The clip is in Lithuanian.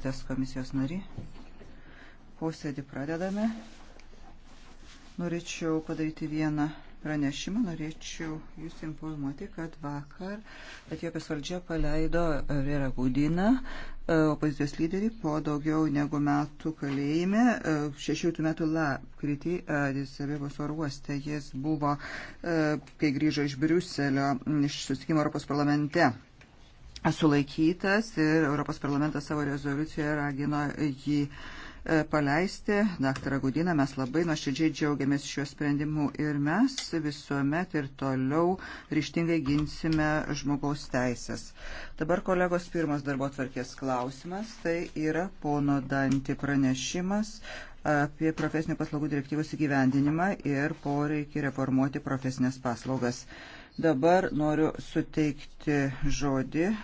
kitas komisijos nari. Posėdį pradedame. Norėčiau padaryti vieną pranešimą. Norėčiau jūs informuoti, kad vakar Etiopijos valdžia paleido Rera Gudiną, e, opozicijos lyderį, po daugiau negu metų kalėjime. 16 e, metų lapkritį Adisabebos oro uoste jis buvo, e, kai grįžo iš Briuselio, iš susitikimo Europos parlamente sulaikytas ir Europos parlamentas savo rezoliucijoje ragino jį e, paleisti. Daktarą Gudiną mes labai nuoširdžiai džiaugiamės šiuo sprendimu ir mes visuomet ir toliau ryštingai ginsime žmogaus teisės. Dabar kolegos pirmas darbo tvarkės klausimas, tai yra pono Danti pranešimas apie profesinių paslaugų direktyvos įgyvendinimą ir poreikį reformuoti profesinės paslaugas. Dabar noriu suteikti žodį